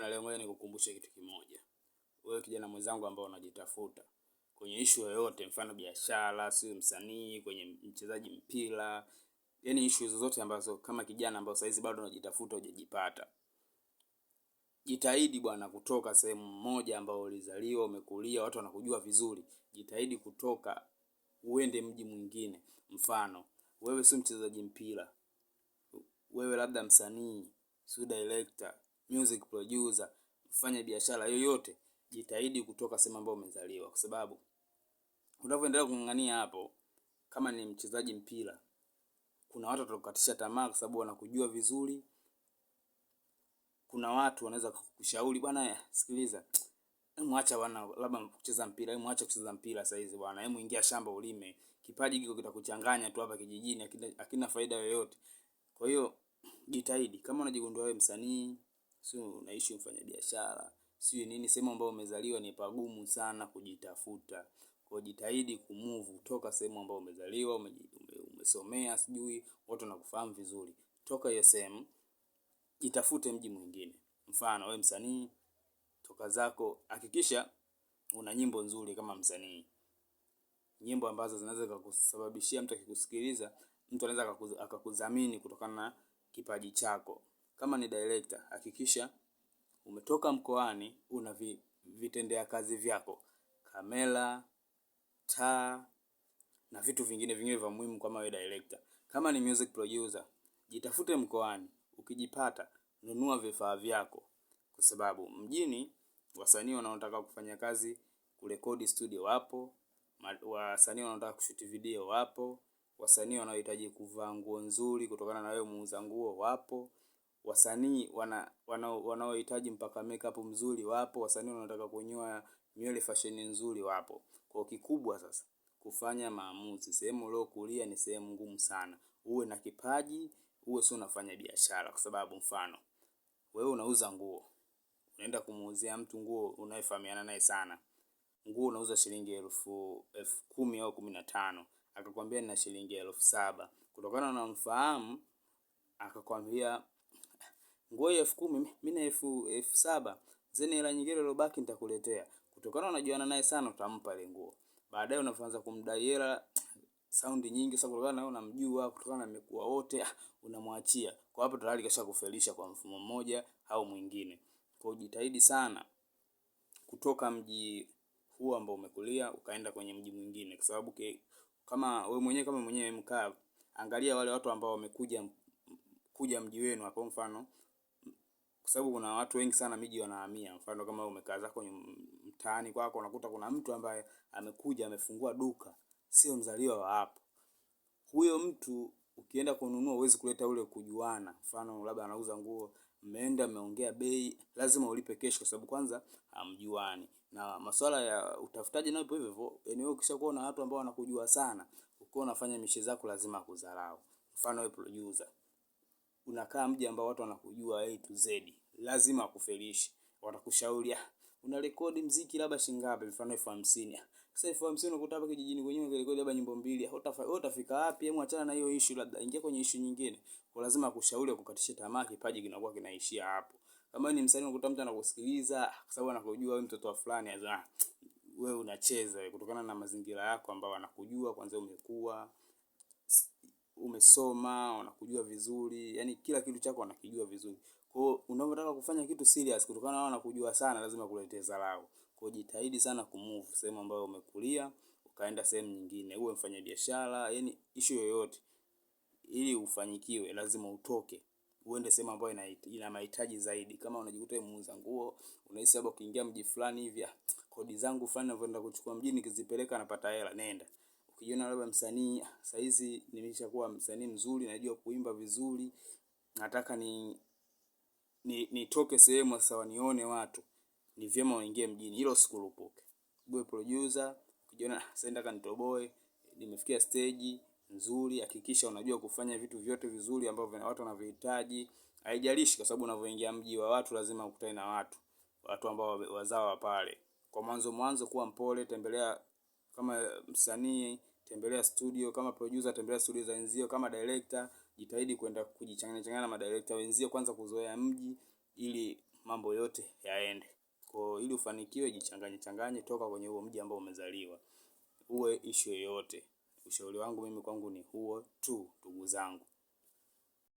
Na leo ngoja nikukumbushe kitu kimoja. Wewe kijana mwenzangu ambao unajitafuta kwenye ishu yoyote, mfano biashara, sio msanii, kwenye mchezaji mpira, yaani ishu zozote ambazo kama kijana ambao saizi bado unajitafuta hujajipata. Jitahidi bwana kutoka sehemu moja ambao ulizaliwa, umekulia, watu wanakujua vizuri. Jitahidi kutoka uende mji mwingine. Mfano, wewe sio mchezaji mpira. Wewe labda msanii, sio director music producer, mfanya biashara yoyote, jitahidi kutoka sehemu ambayo umezaliwa, kwa sababu unavyoendelea kung'ang'ania hapo, kama ni mchezaji mpira, kuna watu watakukatisha tamaa kwa sababu wanakujua vizuri. Kuna watu wanaweza kukushauri bwana, sikiliza, mwacha bwana, labda kucheza mpira, mwacha kucheza mpira sasa hizi bwana, hebu ingia shamba ulime. Kipaji kiko kitakuchanganya tu hapa kijijini, akina, akina faida yoyote. Kwa hiyo jitahidi, kama unajigundua wewe msanii sio unaishi mfanya biashara sio nini sehemu ambayo umezaliwa ni pagumu sana kujitafuta kwa jitahidi kumove toka sehemu ambayo umezaliwa ume, umesomea sijui watu wanakufahamu vizuri toka hiyo sehemu jitafute mji mwingine mfano we msanii toka zako hakikisha una nyimbo nzuri kama msanii nyimbo ambazo zinaweza kukusababishia mtu akikusikiliza mtu anaweza akakudhamini kutokana na kipaji chako kama ni director, hakikisha umetoka mkoani una vitendea kazi vyako, kamera, taa na vitu vingine vingine vya muhimu kama wewe director. Kama ni music producer, jitafute mkoani, ukijipata, nunua vifaa vyako. Kwa sababu mjini, wasanii wanaotaka kufanya kazi kurekodi studio wapo, wasanii wanaotaka kushuti video wapo, wasanii wanaohitaji kuvaa nguo nzuri kutokana na wewe muuza nguo wapo wasanii wanaohitaji wana mpaka makeup mzuri wapo, wasanii wanaotaka kunyoa nywele fashion nzuri wapo. Kwa kikubwa sasa, kufanya maamuzi, sehemu uliokulia ni sehemu ngumu sana. Uwe na kipaji, uwe sio unafanya biashara kwa sababu mfano. Wewe unauza nguo, unaenda kumuuzia mtu nguo unayefahamiana naye sana. Nguo unauza shilingi elfu elfu kumi au kumi na tano. Akakwambia nina shilingi elfu saba. Kutokana na mfahamu akakwambia Nguo hiyo elfu kumi, mimi na elfu elfu saba. Zeni hela nyingine iliyobaki nitakuletea. Kutokana unajuana naye sana utampa ile nguo. Baadaye unaanza kumdai hela saundi nyingi sasa kutokana na unamjua, kutokana na mmekuwa wote ah, unamwachia. Kwa hapo tayari kisha kufelisha kwa mfumo mmoja au mwingine. Kwa jitahidi sana kutoka mji huu ambao umekulia ukaenda kwenye mji mwingine kwa sababu kama wewe mwenyewe kama mwenyewe mkaa angalia wale watu ambao wamekuja kuja mji wenu kwa mfano kwa sababu kuna watu wengi sana miji wanahamia. Mfano kama umekaa zako mtaani kwako unakuta kuna mtu ambaye amekuja amefungua duka, sio mzaliwa wa hapo. Huyo mtu ukienda kununua huwezi kuleta ule kujuana. Mfano labda anauza nguo, mmeenda mmeongea bei, lazima ulipe kesho kwa sababu kwanza hamjuani. Na masuala ya utafutaji nayo hivyo hivyo. yani wewe ukishakuwa na watu ambao wanakujua sana, ukiwa unafanya mishe zako lazima akudharau. Mfano wewe producer, unakaa mji ambao watu wanakujua A to Z lazima akufelishi. Watakushauria ah, una rekodi mziki labda shingapi, Mfano elfu hamsini. Sasa elfu hamsini unakuta hapa kijijini kwenyewe ungerekodi labda nyimbo mbili, wewe utafika wapi? Hebu achana na hiyo issue, labda ingia kwenye issue nyingine. Kwa lazima akushauri akukatishe tamaa, kipaji kinakuwa kinaishia hapo. Kama ni msanii unakuta mtu anakusikiliza kwa sababu anakujua wewe mtoto wa fulani, ah, wewe unacheza kutokana na mazingira yako ambayo anakujua kwanza, umekuwa umesoma, wanakujua vizuri, yani kila kitu chako wanakijua vizuri. Kwa unavyotaka kufanya kitu serious kutokana na wanakujua sana lazima kuletee dharau. Kwa jitahidi sana kumove sehemu ambayo umekulia, ukaenda sehemu nyingine, uwe biashara, yani issue yoyote. Ili ufanyikiwe lazima utoke. Uende sehemu ambayo ina ina mahitaji zaidi. Kama unajikuta wewe muuza nguo, unahisi labda ukiingia mji fulani hivi, ah, kodi zangu fulani ninavyoenda kuchukua mjini kizipeleka napata hela, nenda. Ukijiona labda msanii, ah, saa hizi nimeshakuwa msanii mzuri, najua kuimba vizuri, nataka ni nitoke ni sehemu sasa wanione watu, ni vyema waingie mjini. Hilo sikurupuke. Boy producer ukijiona ah, senda kanitoboe, nimefikia stage nzuri, hakikisha unajua kufanya vitu vyote vizuri ambavyo na watu wanavyohitaji. Haijalishi kwa sababu unavyoingia mji wa watu lazima ukutane na watu, watu ambao wazawa pale. Kwa mwanzo mwanzo, kuwa mpole, tembelea kama msanii tembelea studio, kama producer tembelea studio za nzio kama director jitahidi kwenda kujichanganya changanya na madirekta wenzio kwanza kuzoea mji ili mambo yote yaende. Kwa ili ufanikiwe jichanganye changanye toka kwenye huo mji ambao umezaliwa. Uwe ishu yoyote. Ushauri wangu mimi kwangu ni huo tu ndugu zangu.